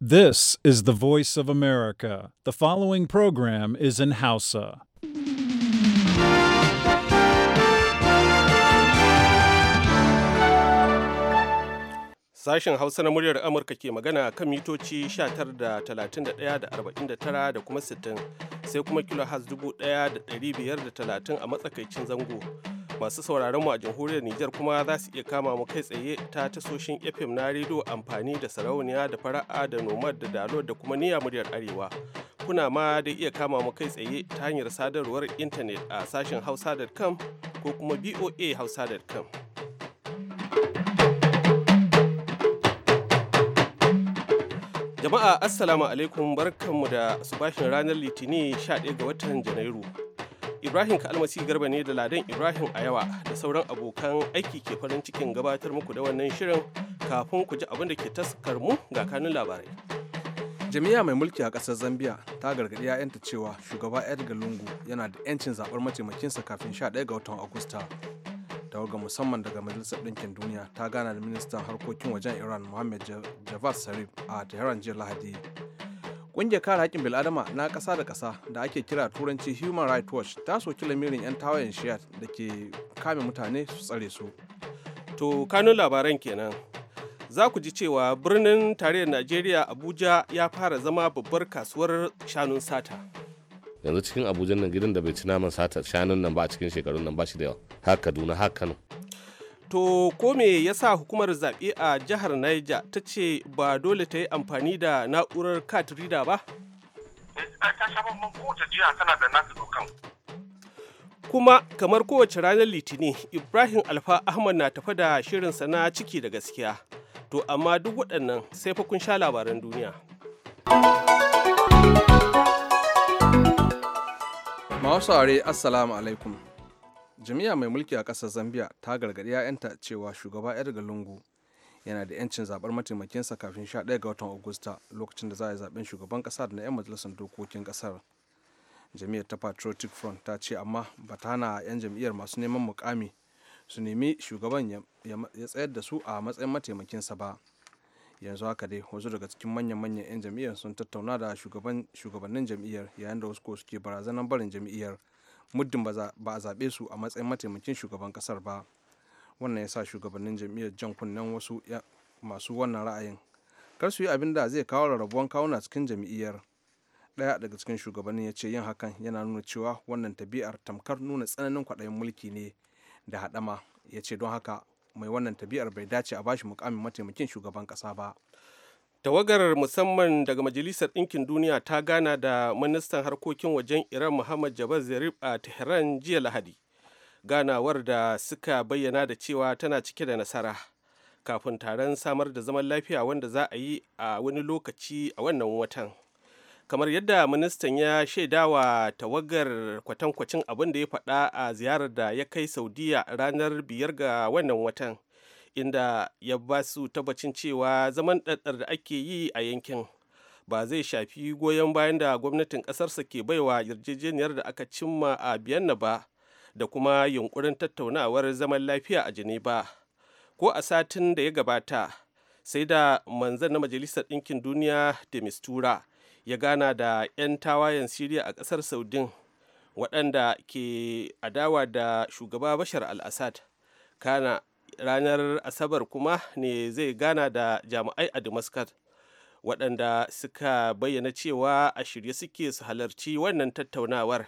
This is the voice of America. The following program is in Hausa. Sashen Hausa na muryar Amurka ke magana kan mitoci 19 da 31 da 49 da kuma 60 sai kuma kilo kilohertz 1530 a matsakaicin zango. masu sauraron mu a jamhuriyar Nijar kuma za su iya kama mu kai tsaye ta tasoshin FM na rediyo amfani da sarauniya da fara'a da nomad da dalo da kuma niyya muryar arewa. Kuna ma da iya kama mu kai tsaye ta hanyar sadarwar intanet a sashen hausa.com ko kuma boa hausa.com. Jama'a Assalamu alaikum barkanmu da subashin ranar Litinin 11 ga watan Janairu. Ibrahim Kalmasi Garba ne da Ladan Ibrahim a yawa da sauran abokan aiki ke farin cikin gabatar muku da wannan shirin kafin ku ji abin da ke taskar mu ga kanun labarai. Jami'a mai mulki a ƙasar Zambia ta gargaɗi 'ya'yanta cewa shugaba Edgar Lungu yana da 'yancin zaɓar mataimakinsa kafin 11 ga watan Agusta. Tawaga musamman daga Majalisar Ɗinkin Duniya ta gana da ministan harkokin wajen Iran Mohammed Javad Sarif a Tehran jiya Lahadi Ƙungiyar kare haƙƙin bil'adama na ƙasa da ƙasa da ake kira turanci Human Rights Watch ta soki lamirin 'yan tawayen shiya da ke kame mutane su tsare su. To kanun labaran kenan. Za ku ji cewa birnin tarayyar Najeriya Abuja ya fara zama babbar kasuwar shanun sata. Yanzu cikin Abuja nan gidan da bai ci naman sata shanun nan ba cikin shekarun nan ba shi da yawa. Haka Kaduna haka Kano. To ko me yasa hukumar zaɓe a jihar Niger ta ce ba dole ta yi amfani da na'urar cat reader ba? Kuma kamar kowace ranar Litinin, Ibrahim Alfa Ahmad na tafa da shirinsa na ciki da gaskiya. To amma duk waɗannan sai fa kun sha labaran duniya. Masu Assalamu alaikum. jami'a mai mulki a ƙasar zambia ta gargaɗi 'ya'yanta cewa shugaba edgar lungu yana da 'yancin zaɓar mataimakinsa kafin 11 ga watan agusta lokacin da za a yi zaɓen shugaban ƙasa da na 'yan majalisar dokokin ƙasar jami'ar ta patriotic front ta ce amma ba ta hana 'yan jam'iyyar masu neman mukami su nemi shugaban ya tsayar da su a matsayin mataimakinsa ba yanzu haka dai wasu daga cikin manyan-manyan 'yan jam'i'ar sun tattauna da shugabannin jam'iyyar yayin da wasu ko suke barazanar barin jam'iyyar muddin ba a zaɓe su a matsayin mataimakin shugaban ƙasar ba wannan ya sa shugabannin jam'iyyar jan kunnen wasu masu wannan ra'ayin kar su yi abin da zai kawo rarrabuwan kawuna cikin jam'iyyar ɗaya daga cikin shugabannin ya ce yin hakan yana nuna cewa wannan tabi'ar tamkar nuna tsananin kwaɗayin mulki ne da haɗama ya ce don haka mai wannan tabi'ar bai dace a bashi mukamin mataimakin shugaban ƙasa ba. tawagar musamman daga majalisar ɗinkin duniya ta gana da ministan harkokin wajen iran muhammad jabal zarif a tehran jiya lahadi ganawar da suka bayyana da cewa tana cike da nasara kafin taron samar da zaman lafiya wanda za a yi a wani lokaci a wannan watan kamar yadda ministan ya shaidawa tawagar kwatankwacin abin da ya faɗa a ziyarar da ya kai saudiya ranar biyar ga wannan watan inda ya ba su tabbacin cewa zaman ɗaɗɗar da ake yi a yankin ba zai shafi goyon bayan da gwamnatin ƙasarsa ke baiwa yarjejeniyar da aka cimma a biyanna ba da kuma yunkurin tattaunawar zaman lafiya a geneva ko a satin da ya gabata sai da manzan na majalisar ɗinkin duniya da mistura ya gana da 'yan tawayen siriya a ƙasar saudin waɗanda ke adawa da shugaba bashar al-assad kana ranar asabar kuma ne zai gana da jami'ai a damascus waɗanda suka bayyana cewa a shirye suke su halarci wannan tattaunawar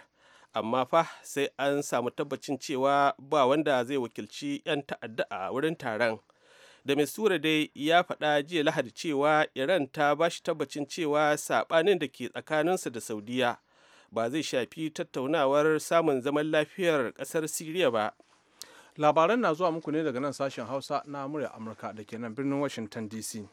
amma fa sai an samu tabbacin cewa ba wanda zai wakilci 'yan ta'adda a wurin taron da mai sura dai ya faɗa jiya lahadi cewa iran ta ba shi tabbacin cewa saɓanin da ke tsakaninsa da saudiya ba zai shafi tattaunawar samun zaman lafiyar ƙasar siriya ba labaran na zuwa muku ne daga nan sashen hausa na murya amurka da ke nan birnin washington dc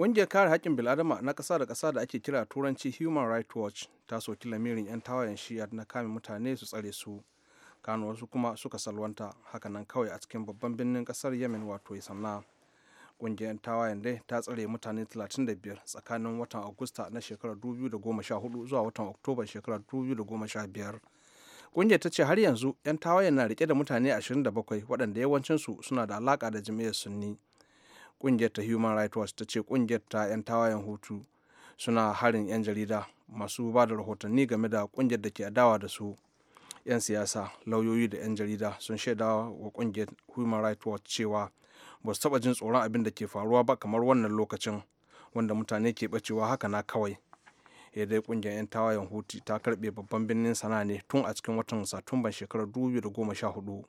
Ƙungiyar kare haƙƙin bil'adama na ƙasa da ƙasa da ake kira turanci Human Rights Watch ta soki lamirin 'yan tawayen shi'a na kame mutane su tsare su. Kano wasu kuma suka salwanta hakanan kawai a cikin babban birnin ƙasar Yemen wato sannan ƙungiyar tawayen dai ta tsare mutane 35 tsakanin watan agusta na shekarar 2014 zuwa watan oktoba shekarar 2015 ƙungiyar ta ce har yanzu 'yan tawayen na rike da mutane 27 waɗanda yawancinsu suna da alaƙa da jami'ar sunni ƙungiyar ta human rights watch ta ce ƙungiyar ta 'yan tawayen hutu suna harin 'yan jarida masu ba da rahotanni game da ƙungiyar da ke adawa da su 'yan siyasa lauyoyi da 'yan jarida sun shaidawa wa ƙungiyar human rights watch cewa ba su taɓa jin tsoron abin da ke faruwa ba kamar wannan lokacin wanda mutane ke bacewa haka na kawai ya dai kungiyar 'yan tawayen hutu ta karbe babban birnin sana ne tun a cikin watan satumban shekarar da goma sha hudu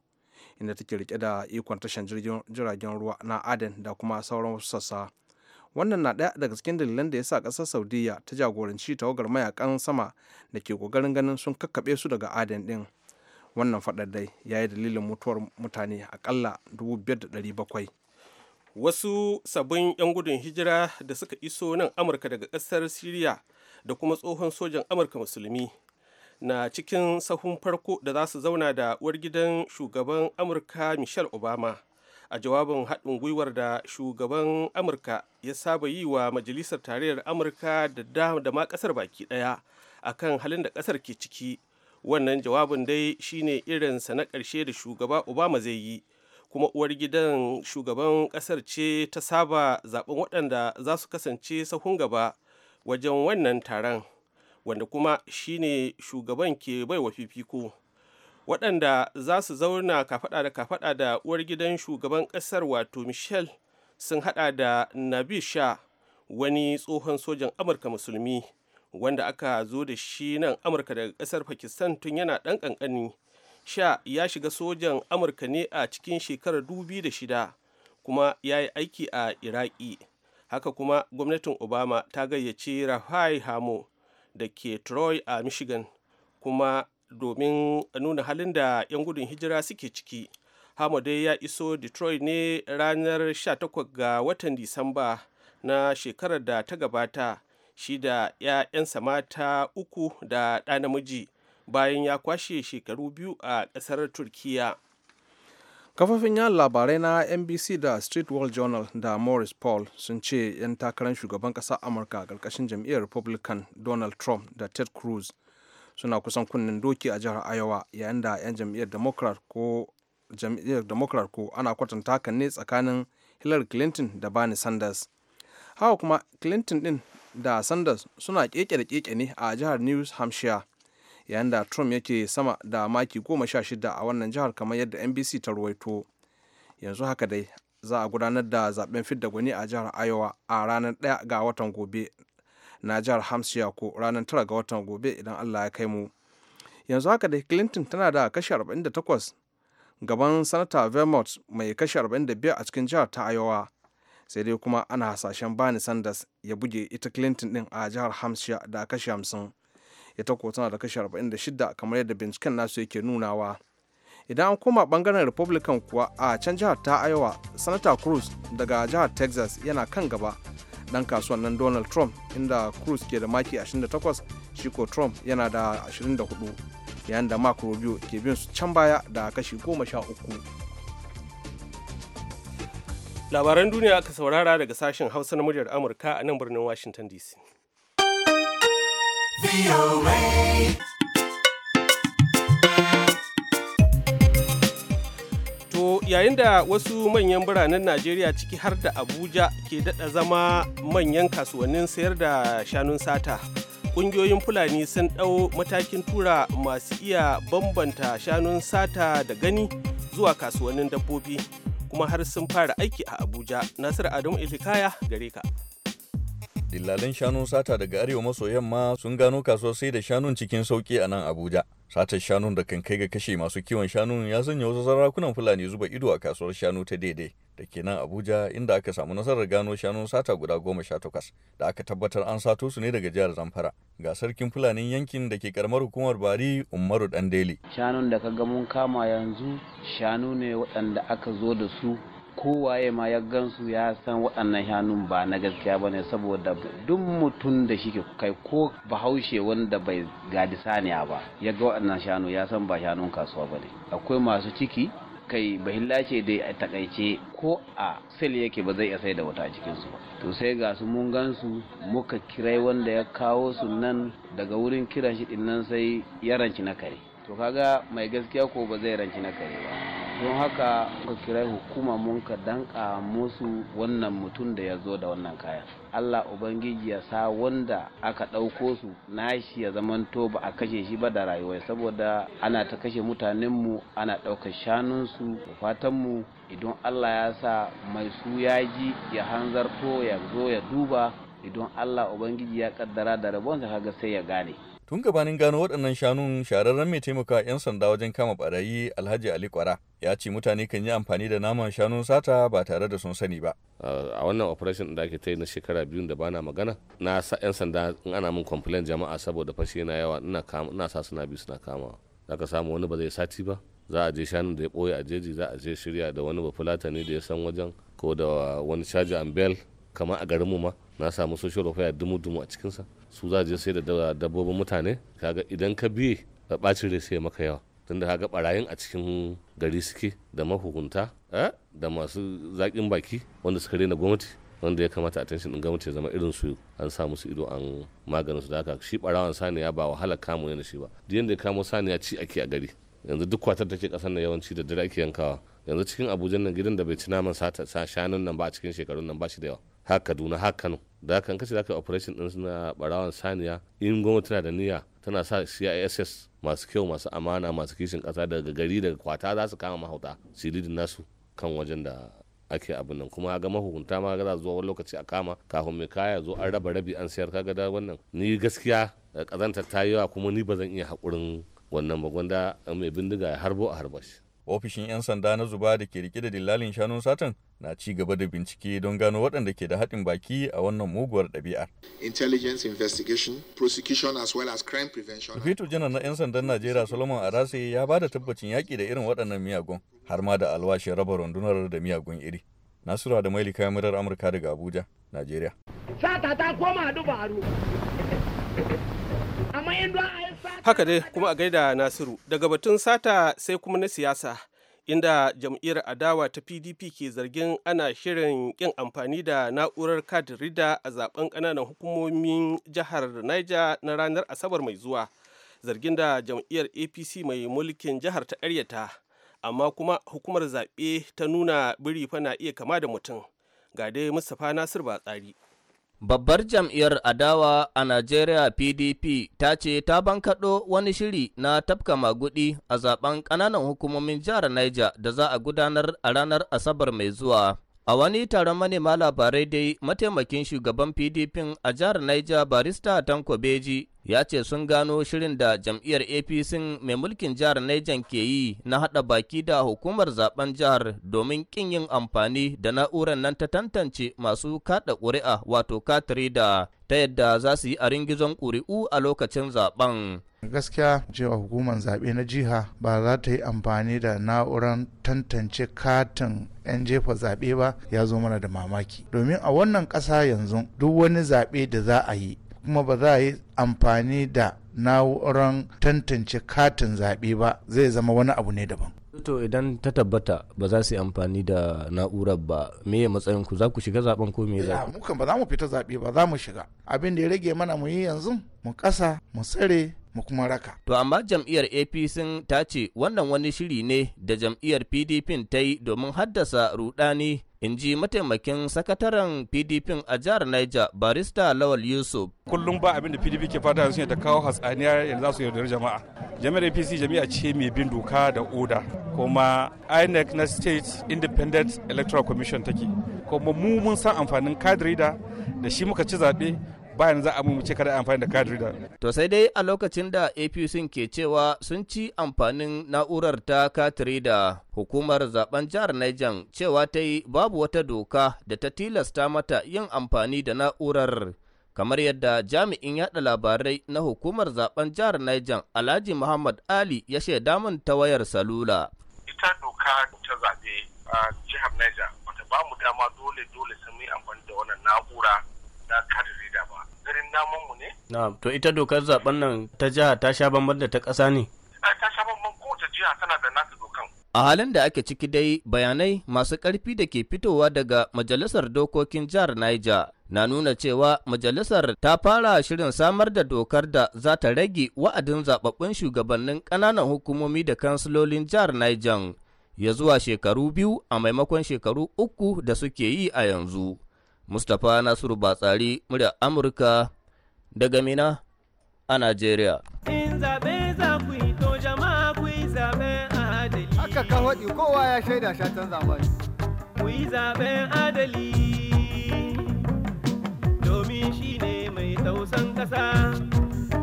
inda take rike da ikon tashan jiragen ruwa na aden da kuma sauran wasu sassa wannan na ɗaya daga cikin dalilan da ya sa ƙasar saudiya ta jagoranci tawagar mayakan sama da ke ƙoƙarin ganin sun kakkaɓe su daga aden ɗin wannan faɗar dai ya yi dalilin mutuwar mutane akalla 5,700 wasu sabbin 'yan gudun hijira da suka iso nan amurka daga ƙasar siriya da kuma tsohon sojan amurka musulmi na cikin sahun farko da za su zauna da uwar gidan shugaban amurka michelle obama a jawabin haɗin gwiwar da shugaban amurka ya saba yi wa majalisar tarayyar amurka da da ma ƙasar baki ɗaya akan halin da ƙasar ke ciki wannan jawabin dai shine irinsa na ƙarshe da shugaba obama zai yi kuma uwar gidan shugaban ƙasar ce ta saba zaɓen waɗanda za su kasance sahun gaba wajen wannan taron wanda kuma shine shugaban ke baiwa fifiko waɗanda za su zauna kafaɗa da kafaɗa da uwar gidan shugaban ƙasar wato michelle sun haɗa da nabi sha wani tsohon sojan amurka musulmi wanda aka zo da shi nan amurka daga kasar pakistan tun yana ɗan ƙanƙani sha ya shiga sojan amurka ne a cikin shekarar shida kuma ya yi aiki a iraki haka kuma gwamnatin obama ta gayyace rafai hamo da ke troy a michigan kuma domin nuna halin da 'yan gudun hijira suke ciki hamo dai ya iso detroit ne ranar 18 ga watan disamba na shekarar da ta gabata shi da 'ya'yansa mata uku da ɗa namiji bayan ya kwashe shekaru biyu a ƙasar turkiya kafafin yan labarai na nbc da street world journal da morris paul sun ce 'yan takarar shugaban ƙasar amurka a ƙarƙashin jam'iyyar republican donald trump da ted cruz suna kusan kunnen doki a jihar iowa yayin da 'yan jam'iyyar democrat ko ana kwatanta ka ne tsakanin hillary clinton da bernie sanders hawa kuma clinton din da sanders suna keke da keke ne a jihar new hampshire yayin da trump yake sama da maki goma sha shida a wannan jihar kamar yadda nbc ta ruwaito yanzu haka dai za a gudanar da zaben fidda gwani a jihar iowa a ranar 1 ga watan gobe na jihar hampshire ko ranar 9 ga watan gobe idan allah ya kai mu yanzu haka dai clinton tana da kashi 48 gaban sanata vermont mai kashi 45 a cikin jihar ta iowa sai dai kuma ana hasashen bani sanders ya buge ita clinton din a jihar hampshire da kashi 50 ita ko tana da kashi 46 kamar yadda binciken nasu yake nunawa idan an koma bangaren republican kuwa a can jihar ta iowa sanata cruz daga jihar texas yana kan gaba dan kasuwan nan donald trump inda cruz ke da maki 28 shi ko trump yana da 24 yayin da marco rubio ke bin su can baya da kashi 13 labaran duniya aka saurara daga sashen hausa na muryar amurka a nan birnin washington dc to yayin da wasu manyan biranen najeriya ciki har da abuja ke daɗa zama manyan kasuwannin sayar da shanun sata ƙungiyoyin fulani sun ɗau matakin tura masu iya bambanta shanun sata da gani zuwa kasuwannin dabbobi kuma har sun fara aiki a abuja nasiru adamu ilikaya gare ka dillalan shanun sata daga arewa maso yamma sun gano kasuwar sai da shanun cikin sauki a nan abuja satar shanun da kan kai ga kashe masu kiwon shanun ya sanya wasu sarakunan fulani zuba ido a kasuwar shanu ta daidai da ke nan abuja inda aka samu nasarar gano shanun sata guda goma sha takwas da aka tabbatar an sato su ne daga jihar zamfara ga sarkin fulanin yankin da ke karamar hukumar bari umaru dan shanun da ka ga mun kama yanzu shanu ne waɗanda aka zo da su kowaye ma ya gansu ya san waɗannan shanun ba na gaskiya ba ne saboda duk mutum da shi ke kai ko bahaushe wanda bai gadi saniya ba ya ga waɗannan shanu ya san ba shanun kasuwa ba ne akwai masu ciki kai bahilla ce dai a takaice ko a sel yake ba zai iya sai da wata cikin cikinsu ba to sai ga su mun gansu muka kirai wanda ya kawo su nan daga wurin kiran shi dinnan sai ya ranci na kare to kaga mai gaskiya ko ba zai ranci na kare ba don haka ka kira hukuma mun ka danka musu wannan mutum da ya zo da wannan kayan allah ubangiji ya sa wanda aka ɗauko su nashi ya zamanto ba a kashe shi ba da rayuwa saboda ana ta kashe mutanenmu ana ɗaukar shanunsu da fatanmu idan allah ya sa mai su ya ji ya hanzarto ya zo ya duba idan allah ubangiji ya kaddara da rabonsa kaga sai ya gane Tun gabanin gano waɗannan shanun shararren mai taimaka 'yan sanda wajen kama barayi Alhaji Ali Kwara ya ce mutane kan yi amfani da naman shanun sata ba tare da sun sani ba. A wannan operation da ake ta yi na shekara biyu da bana magana na sa 'yan sanda in ana min complain jama'a saboda fashe na yawa ina sa suna bi suna kama. Zaka samu wani ba zai sati ba za a je shanun da ya ɓoye a jeji za a je shirya da wani ba bafulatani da ya san wajen ko da wani caji ambel kamar a garinmu ma na samu social welfare dumu dumu a cikinsa su za je sai da dabbobin mutane kaga idan ka biye a bacin rai sai maka yawa tunda kaga barayin a cikin gari suke da mahukunta eh, da masu zaƙin baki wanda suka rena gwamnati wanda ya kamata a din gwamnati ya zama irin su an sa musu ido an maganin su da haka shi barawan saniya ba wahala kamo ne da shi ba duk yanda ya kamo saniya ci ake a gari yanzu duk kwatar take kasar nan yawanci da dare ake yankawa yanzu cikin abuja nan gidan da bai ci naman sa shanun nan ba a cikin shekarun nan ba shi da yawa haka kaduna haka kano da kan kace da operation din na barawan saniya in gwamnati tana da niyya tana sa CISS masu kyau masu amana masu kishin kasa daga gari daga kwata za su kama mahauta siridin nasu kan wajen da ake abin nan kuma ga mahukunta ma ga zuwa wani lokaci a kama kafin mai kaya zo an raba rabi an sayar kaga da wannan ni gaskiya kazantar eh, ta yawa kuma ni ba zan iya hakurin wannan ba gwanda eh, mai bindiga ya harbo a harbashi ofishin 'yan sanda na zuba da ke rike da dillalin shanun satan na ci gaba da bincike don gano waɗanda ke da haɗin baki a wannan muguwar ɗabi'a. Intelligence investigation, prosecution as well as crime prevention. Fito janar na 'yan sandan Najeriya Solomon Arase ya ba da tabbacin yaƙi da irin waɗannan miyagun har ma da alwashin raba rundunar da miyagun iri. Nasura da Maili kayan Amurka daga Abuja, Najeriya. Sata ta koma dubaru. Amma in a haka dai kuma a gaida nasiru daga batun sata sai kuma na siyasa inda jam'iyyar adawa ta pdp ke zargin ana shirin kin amfani da na'urar kadin rida a zaben kananan hukumomin jihar niger na ranar asabar mai zuwa zargin da jam'iyyar apc mai mulkin jihar ta karyata amma kuma hukumar zaɓe ta nuna biri fa na iya kama da mutum ga dai mustapha nasir tsari. Babbar jam'iyyar adawa a Najeriya PDP ta ce ta bankaɗo wani shiri na tafka magudi a zaben ƙananan hukumomin jihar Niger da za a gudanar a ranar Asabar mai zuwa. A wani taron manema labarai dai mataimakin shugaban PDP a jihar Niger barista Tanko Beji ya ce sun gano shirin da jam'iyyar apc mai mulkin jihar Niger ke yi na haɗa baki da hukumar zaben jihar domin ƙin yin amfani da na'urar nan ta tantance masu kaɗa ƙuri'a wato katiri da ta yadda za su yi a ringizon ƙuri'u a lokacin zaben gaskiya cewa hukumar zaɓe na jiha ba za ta yi amfani da na'urar tantance katin 'yan jefa zaɓe ba ya zo mana da mamaki domin a wannan ƙasa yanzu duk wani zaɓe da za a yi kuma ba za a yi amfani da na'urar tantance katin zaɓe ba zai zama wani abu ne daban to idan ta tabbata ba za su yi amfani da na'urar ba me ya matsayin ku za ku shiga zaben ko me za ba za mu fita zaɓe ba za mu shiga abin da ya rage mana mu yi yanzu mu ƙasa mu tsare mu kuma raka. To amma jam'iyyar APC ta ce wannan wani shiri ne da jam'iyyar PDP ta yi domin haddasa rudani in ji mataimakin sakataren PDP a jihar Niger barista Lawal Yusuf. Kullum ba abin da PDP ke fata yanzu ta kawo hatsaniya yanzu za su yaudari jama'a. Jami'ar APC jami'a ce mai bin doka da oda kuma INEC na State Independent Electoral Commission take. Kuma mu mun san amfanin kadrida da shi muka ci zaɓe bayan za a mummuce kada amfani da card da. To sai dai a lokacin da APC ke cewa sun ci amfanin na'urar ta card reader hukumar zaben jihar Niger cewa ta yi babu wata doka da ta tilasta mata yin amfani da na'urar. Kamar yadda jami'in yada labarai na hukumar zaben jihar Niger Alhaji Muhammad Ali ya shaida min ta wayar salula. Ita doka ta zabe a jihar Niger bata ba mu dama dole dole sun yi amfani da wannan na'ura na card reader ba. namun ne na'am to ita dokar zaben nan ta jiha ta sha bamban da ta ƙasa ne ta sha bamban kowace jiha tana da nata dokan a halin da ake ciki dai bayanai masu ƙarfi da ke fitowa daga majalisar dokokin jihar Niger na nuna cewa majalisar ta fara shirin samar da dokar da za ta rage wa'adin zababbun shugabannin ƙananan hukumomi da kansilolin jihar Niger ya zuwa shekaru biyu a maimakon shekaru uku da suke yi a yanzu. Mustapha Nasiru Batsari murya Amurka daga Mina a Najeriya. Haka ka faɗi kowa ya shaida shatan zamani. Ku yi zaben adali domin shi ne mai tausan ƙasa,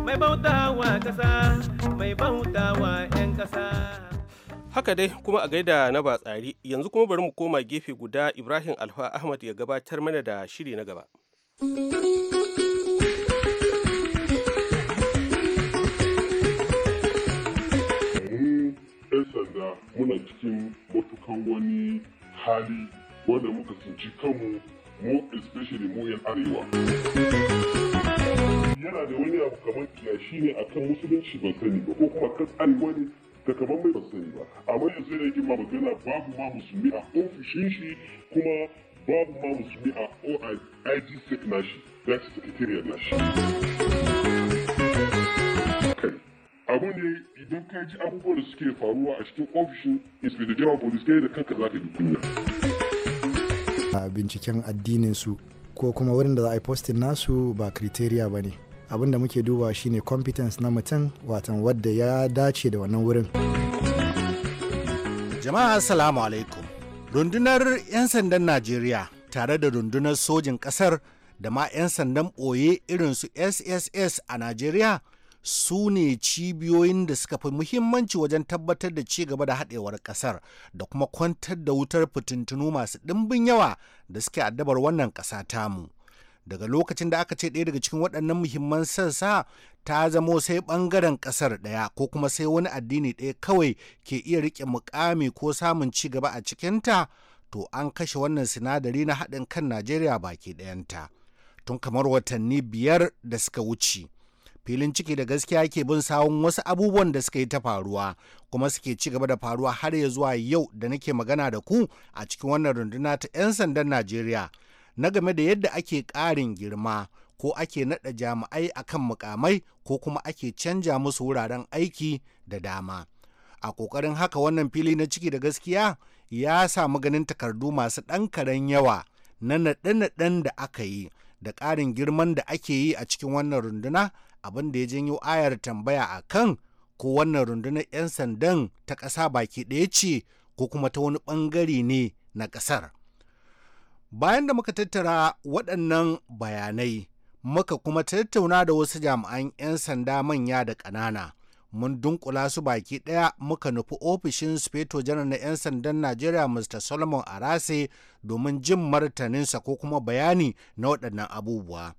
mai bautawa ƙasa, mai bautawa 'yan ƙasa. haka dai kuma a gaida na ba tsari yanzu kuma bari mu koma gefe guda ibrahim alfa ahmad ya gabatar mana da shiri na gaba 'yan sanda muna cikin matukan wani hali wanda muka tsinci kanmu mu especially mu yan arewa yana da wani abu kamar kiyashi ne akan musulunci ban sani ba ko kuma kan arewa ne da kaman bai sani ba amma yanzu ne yake ma magana babu ma musulmi a ofishin shi kuma babu ma musulmi a na nashi that is secretariat nashi abu ne idan ka ji abubuwan da suke faruwa a cikin ofishin inspector general police kai da kanka za ka yi kunya a binciken addinin su ko kuma wurin da za a yi postin nasu ba kriteriya ba ne abin da muke duba shine competence na mutum watan wadda ya dace da wannan wurin jama'a assalamu alaikum rundunar 'yan sandan najeriya tare da rundunar sojin kasar da ma 'yan sandan ɓoye irinsu sss a najeriya su ne cibiyoyin da suka fi muhimmanci wajen tabbatar da ci gaba da haɗewar ƙasar da kuma kwantar da wutar fitintunu masu ɗimbin yawa da suke addabar wannan ƙasa tamu daga lokacin da aka ce ɗaya daga cikin waɗannan muhimman sassa ta zamo sai ɓangaren ƙasar ɗaya ko kuma sai wani addini ɗaya kawai ke iya riƙe mukami ko samun ci gaba a cikinta to an kashe wannan sinadari na haɗin kan najeriya baki ɗayanta tun kamar watanni biyar da suka wuce filin ciki da gaskiya ke bin sawun wasu abubuwan da suka yi ta faruwa kuma suke ci gaba da faruwa har ya zuwa yau da nake magana da ku a cikin wannan runduna ta 'yan sandan najeriya na game da yadda ake ƙarin girma ko ake naɗa jami'ai a kan mukamai ko kuma ake canja musu wuraren aiki da dama. A ƙoƙarin haka wannan fili na ciki da gaskiya ya samu ganin takardu masu ɗan karen yawa na naɗe-naɗen da aka yi da ƙarin girman da ake yi a cikin wannan runduna abin da ya janyo ayar tambaya a kan ko wannan rundunar 'yan sandan ta ƙasa baki ɗaya ce ko kuma ta wani ɓangare ne na ƙasar. Bayan da muka tattara waɗannan bayanai, muka kuma tattauna da wasu jami'an 'yan sanda manya da ƙanana. Mun dunkula su baki ɗaya muka nufi ofishin Sufeto janar na 'yan sandan Najeriya Mr. Solomon Arase domin jin martaninsa ko kuma bayani na waɗannan abubuwa.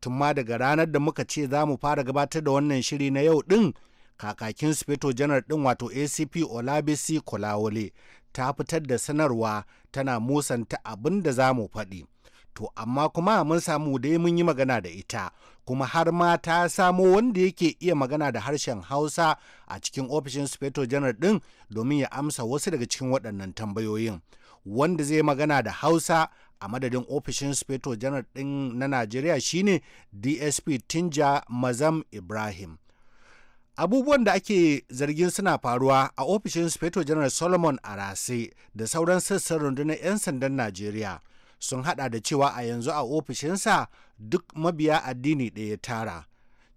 Tun ma daga ranar da muka ce za mu fara gabatar da wannan shiri na yau ɗin, kakakin sufeto janar ɗin wato acp olabisi kolawole ta fitar da sanarwa tana musanta abin da za mu faɗi to amma kuma mun samu dai mun yi magana da ita kuma har ma ta samo wanda yake iya magana da harshen hausa a cikin ofishin speto janar ɗin domin ya amsa wasu daga cikin waɗannan tambayoyin wanda zai magana da hausa a madadin ofishin speto janar ɗin na najeriya shine dsp tinja mazam ibrahim abubuwan da ake zargin suna faruwa a ofishin speto general solomon arase da sauran sassan rundunar 'yan sandan najeriya sun hada da cewa a yanzu a ofishinsa duk mabiya addini ɗaya tara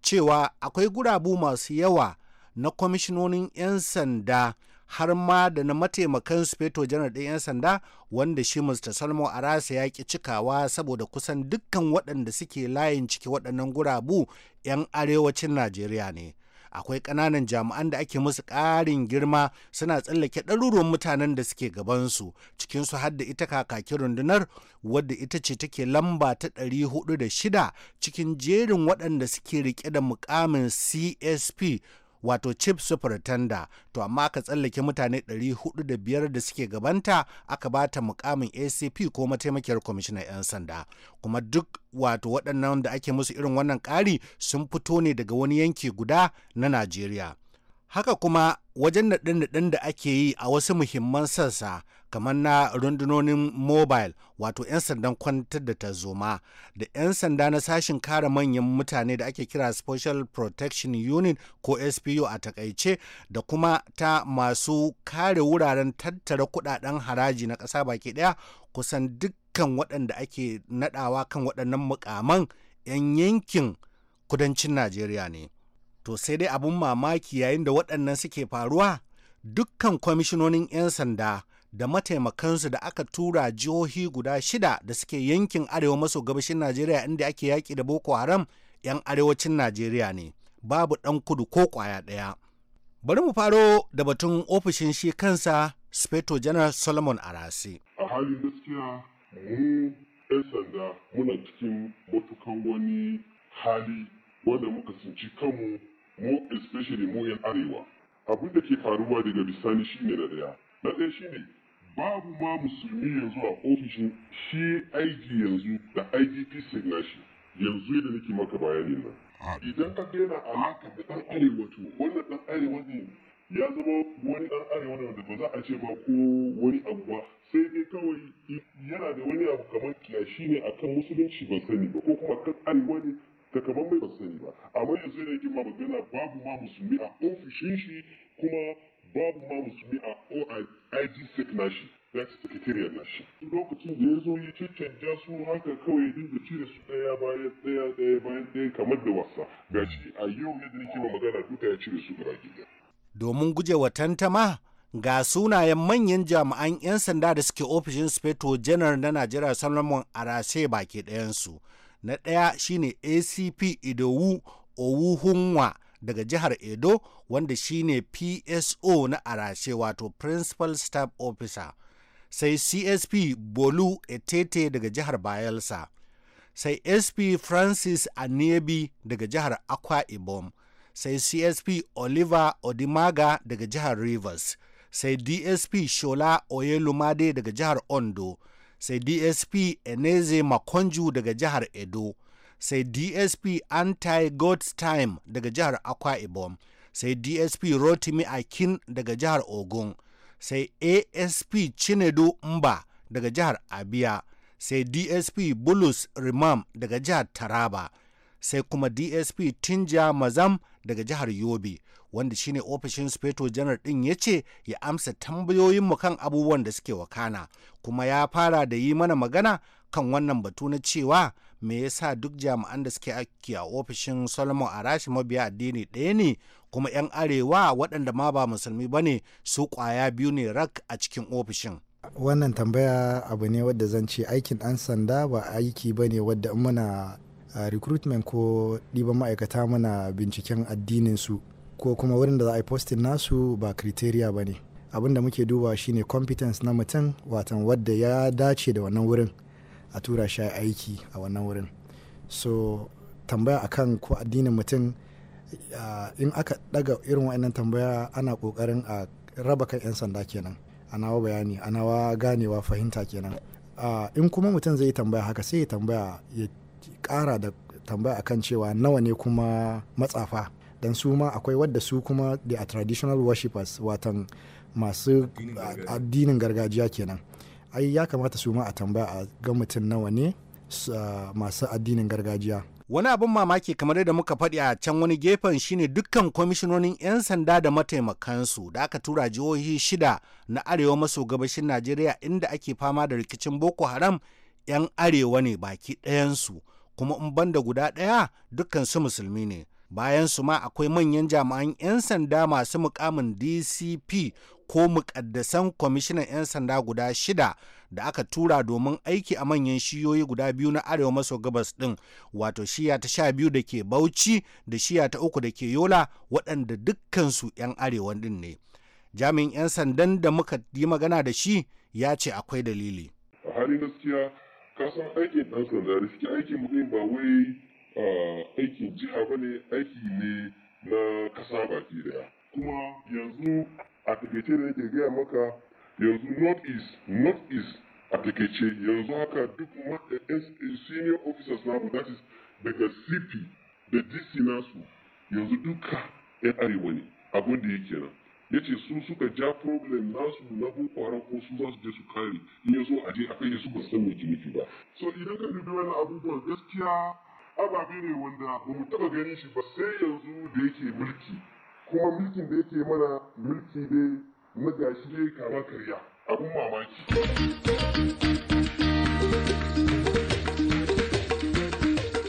cewa akwai gurabu masu yawa na kwamishinonin 'yan sanda har ma da na mataimakan speto janar ɗin 'yan sanda wanda shi mr salmo arasa ya ki cikawa saboda kusan dukkan waɗanda suke layin ciki waɗannan gurabu 'yan arewacin najeriya ne akwai ƙananan jami'an da ake musu ƙarin girma suna tsallake ɗaruruwan mutanen da suke gabansu cikinsu har da ita kakakin rundunar wadda ita ce take lamba ta ɗari da shida cikin jerin waɗanda suke riƙe da mukamin csp wato chief superintendent to amma aka tsallake mutane 405 da suke gabanta aka ba ta mukamin acp ko mataimakiyar kwamishinan 'yan sanda kuma duk wato waɗannan da ake musu irin wannan ƙari sun fito ne daga wani yanki guda na najeriya haka kuma wajen naɗin-naɗin da ake yi a wasu muhimman sassa kamar na rundunonin mobile wato 'yan sandan kwantar da tarzoma da 'yan sanda na sashin kare manyan mutane da ake kira special protection unit ko spu a takaice da kuma ta masu kare wuraren tattara kudaden haraji na ƙasa baki daya kusan dukkan waɗanda ake nadawa kan waɗannan mukaman 'yan yankin kudancin najeriya ne to sai dai abun mamaki yayin da waɗannan suke faruwa dukkan kwamishinonin 'yan sanda da mataimakansu da aka tura jihohi guda shida da suke yankin arewa maso gabashin najeriya inda ake yaƙi da boko haram 'yan arewacin najeriya ne babu ɗan kudu ko ƙwaya ɗaya bari mu faro da batun ofishin shi kansa speto janar solomon arasi a halin gaskiya mu 'yan sanda muna cikin matukan wani hali wanda muka tsinci kanmu mu especially mu 'yan arewa abin da ke faruwa daga bisani shine na daya na ɗaya shine babu ma musulmi yanzu a ofishin shi aiki yanzu da IGP na yanzu yadda nake maka bayanin nan. Idan ka daina alaka da ɗan arewa to wannan ɗan arewa ne ya zama wani ɗan arewa ne wanda ba za a ce ba ko wani abu ba sai dai kawai yana da wani abu kamar kiyashi ne akan musulunci ban sani ba ko kuma kan arewa ne ka kamar mai ban sani ba amma yanzu yana yake ma magana babu ma musulmi a ofishin shi kuma babu ma musulmi a OIG nashi ya ci sakatariya nashi lokacin da ya zo ya canja su haka kawai ya da cire su daya bayan daya daya bayan daya kamar da wasa shi a yau yadda nake ma magana duka ya cire su gara gida domin gujewa tantama ga sunayen manyan jami'an 'yan sanda da suke ofishin speto general na najeriya solomon arase baki ɗayansu na ɗaya shine acp idowu owuhunwa daga jihar Edo wanda shine PSO na Arashe wato Principal Staff Officer, sai CSP Bolu Etete daga jihar Bayelsa, sai SP Francis Aniebi daga jihar Akwa Ibom, sai CSP Oliver Odimaga daga jihar Rivers, sai DSP Shola Oyelumade daga jihar Ondo, sai DSP Eneze Makonju daga jihar Edo. sai dsp anti time daga jihar akwa ibom sai dsp rotimi akin daga jihar ogun sai asp chinedu mba daga jihar abia sai dsp bulus rimam daga jihar taraba sai kuma dsp tinja mazam daga jihar yobe wanda shine ofishin speto janar din ya ce ya amsa tambayoyinmu kan abubuwan da suke wakana kuma ya fara da yi mana magana kan wannan batu na cewa me yasa duk jami'an da suke aiki a ofishin solomon a rashi mabiya addini ɗaya ne kuma 'yan arewa waɗanda ma ba musulmi ba ne su kwaya biyu ne rak a cikin ofishin wannan tambaya abu ne wadda zan ce aikin ɗan sanda ba aiki ba ne wadda muna recruitment ko ɗiban ma'aikata muna binciken addinin su ko kuma wurin da za a yi postin nasu ba criteria ba ne abin da muke duba shine competence na mutum watan wadda ya dace da wannan wurin a tura shi aiki a wannan wurin so tambaya akan ko addinin mutum ah, in aka daga irin wa'annan tambaya ana kokarin a raba kan 'yan sanda kenan anawa bayani anawa ganewa fahimta kenan ah, in kuma mutum zai tambaya haka sai ya tambaya ya kara da tambaya akan cewa nawa ne kuma matsafa dan su ma akwai wadda su kuma the traditional worshippers watan masu ah, addinin gargajiya kenan ai ya kamata su ma a tambaya a ga mutum nawa ne masu addinin gargajiya wani abin mamaki kamar yadda muka faɗi a can wani gefen shine dukkan kwamishinonin 'yan sanda da mataimakansu da aka tura jihohi shida na arewa maso gabashin najeriya inda ake fama da rikicin boko haram 'yan arewa ne baki ɗayansu kuma in banda guda ɗaya dukkan su musulmi ne bayan su ma akwai manyan jami'an 'yan sanda masu mukamin dcp ko mukaddasan kwamishinan 'yan sanda guda shida da aka tura domin aiki a manyan shiyoyi guda biyu na arewa maso gabas din wato shiya ta sha biyu da ke bauchi da shiya ta uku da ke yola waɗanda dukkansu 'yan arewa din ne jami'in 'yan sandan da muka yi magana da shi ya ce akwai dalili a gaskiya kasan aikin ɗan sanda da suke aikin mutum ba wai aikin jiha ba ne aiki ne na kasa baki daya kuma yanzu a takaice da yake gaya maka yanzu north east north east a takaice yanzu haka duk eh, eh, senior officers na that is daga cp da dc nasu yanzu duka yan arewa ne abin da yake nan ya ce su suka ja problem nasu na bukwara ko su za su je su kare in ya zo a je a kai su ba san me nufi ba so idan ka dubi wani abubuwan gaskiya ababe ne wanda ba mu taɓa ganin shi ba sai yanzu da yake mulki kuma mulkin da yake mana mulki ne na gashi ne kama karya abun mamaki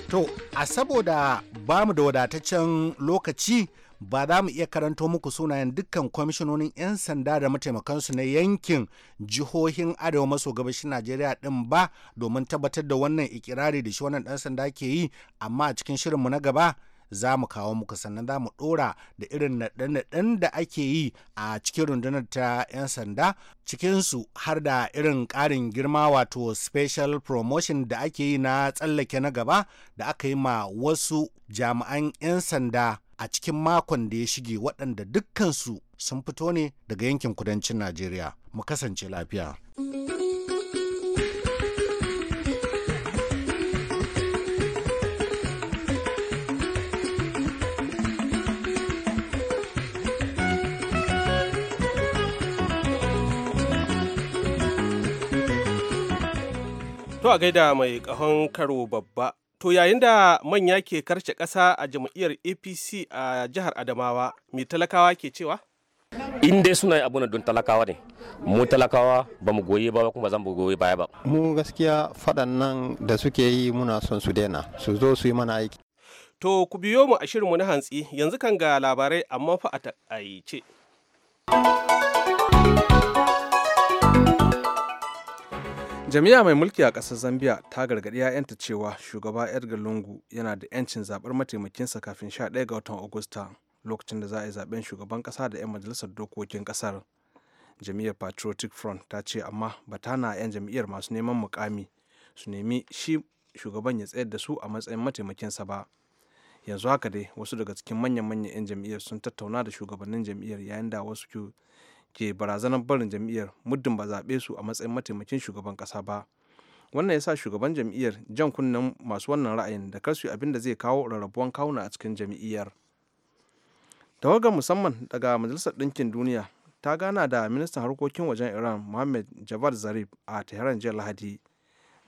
to a saboda ba mu da wadataccen lokaci ba za mu iya karanto muku sunayen dukkan kwamishinonin 'yan sanda da mataimakansu na yankin jihohin arewa maso gabashin najeriya din ba domin tabbatar da wannan ikirari da shi wannan dan sanda ke yi amma a cikin shirinmu na gaba za mu kawo muku sannan za mu dora da irin naɗe-naɗen da ake yi a cikin rundunar ta 'yan sanda cikinsu har da irin ƙarin girma wato special promotion da ake yi na tsallake na gaba da aka yi ma wasu jami'an 'yan sanda a cikin makon da ya shige waɗanda dukkansu sun fito ne daga yankin kudancin Najeriya. Mu kasance lafiya. To a gaida mai kahon karo babba To yayin da manya ke karce ƙasa a jam'iyyar APC a jihar Adamawa, me talakawa ke cewa? in dai suna abu na don talakawa ne mu talakawa ba mu goyi ba kuma zan mu goyi baya ba mu gaskiya faɗan nan da suke yi muna son su daina su zo su yi mana aiki to ku biyo mu a shirinmu na hantsi yanzu kan ga labarai amma fa a takaice jami'a mai mulki a ƙasar zambia ta gargaɗi 'ya'yanta cewa shugaba edgar lungu yana da 'yancin zaɓar mataimakinsa kafin 11 ga watan agusta lokacin da za a yi zaɓen shugaban ƙasa da 'yan majalisar dokokin ƙasar jami'ar patriotic front ta ce amma ba ta na 'yan jami'ar masu neman mukami su nemi shi shugaban ya tsayar da su a matsayin mataimakinsa ba yanzu haka dai wasu daga cikin manyan manyan 'yan jam'iyyar sun tattauna da shugabannin jam'iyyar yayin da wasu ke barazanar barin jam'iyyar muddin ba zaɓe su a matsayin mataimakin shugaban ƙasa ba wannan ya sa shugaban jam'iyyar jan kunnen masu wannan ra'ayin da kar su abin da zai kawo rarrabuwan kawuna a cikin jam'iyyar tawagar musamman daga majalisar ɗinkin duniya ta gana da ministan harkokin wajen iran mohammed javad zarif a tehran jiya lahadi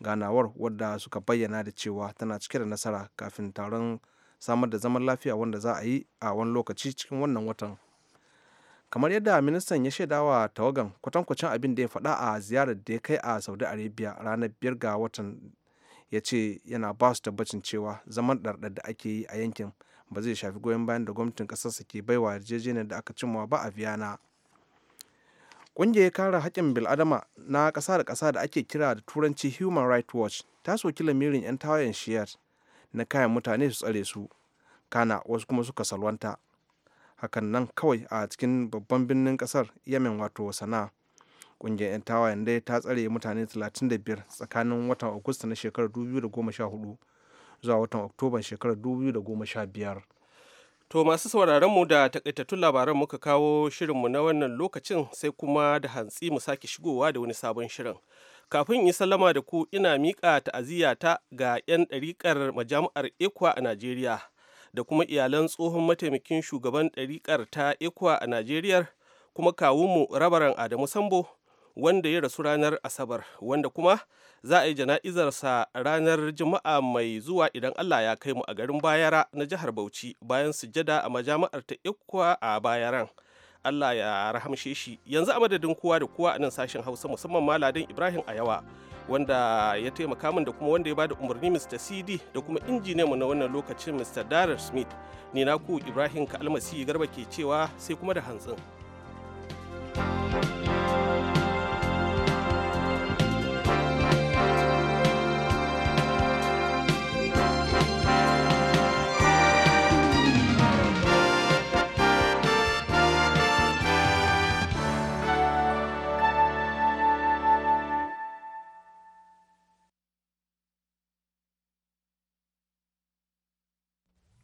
ganawar wadda suka bayyana da cewa tana cike da nasara kafin taron samar da zaman lafiya wanda za a yi a wani lokaci cikin wannan watan kamar yadda ministan ya shaida wa tawagan kwatankwacin abin da ya faɗa a ziyarar da ya kai a saudi arabia ranar biyar ga watan ya ce yana ba su tabbacin cewa zaman ɗarɗar da ake yi a yankin ba zai shafi goyon bayan da gwamnatin ƙasarsa ke baiwa yarjejeniyar da aka cimma ba a viyana ƙungiyar kare haƙƙin bil'adama na ƙasa da ƙasa da ake kira da turanci human rights watch ta soki lamirin 'yan tawayen shiyar na kayan mutane su tsare su kana wasu kuma suka salwanta hakan nan kawai a cikin babban birnin kasar yemen wato sana kungiyar 'yan tawayen dai ta tsare mutane 35 tsakanin watan agusta na shekarar 2014 zuwa watan oktoba shekarar 2015 to masu sauraron mu da takaitattun labaran muka kawo shirinmu na wannan lokacin sai kuma da hantsi mu sake shigowa da wani sabon shirin kafin in sallama da ku ina miƙa ta'aziyya ga 'yan ɗariƙar majami'ar ikwa a najeriya da kuma iyalan tsohon mataimakin shugaban ɗariƙar ta ikwa a najeriya kuma kawunmu rabaran adamu sambo wanda ya rasu ranar asabar wanda kuma za a yi jana'izarsa ranar juma'a mai zuwa idan allah ya kai mu a garin bayara na jihar bauchi bayan sujada a majami'ar ta ikwa a bayaran allah ya rahamshe shi yanzu a madadin kowa da kowa a nan sashen hausa musamman maladin ibrahim ayawa wanda ya taimaka min da kuma wanda ya bada umarni Mr. CD da kuma mu na wannan lokacin Mr. Darrell Smith. Ni naku Ibrahim ka almasi Garba ke cewa sai kuma da hantsin.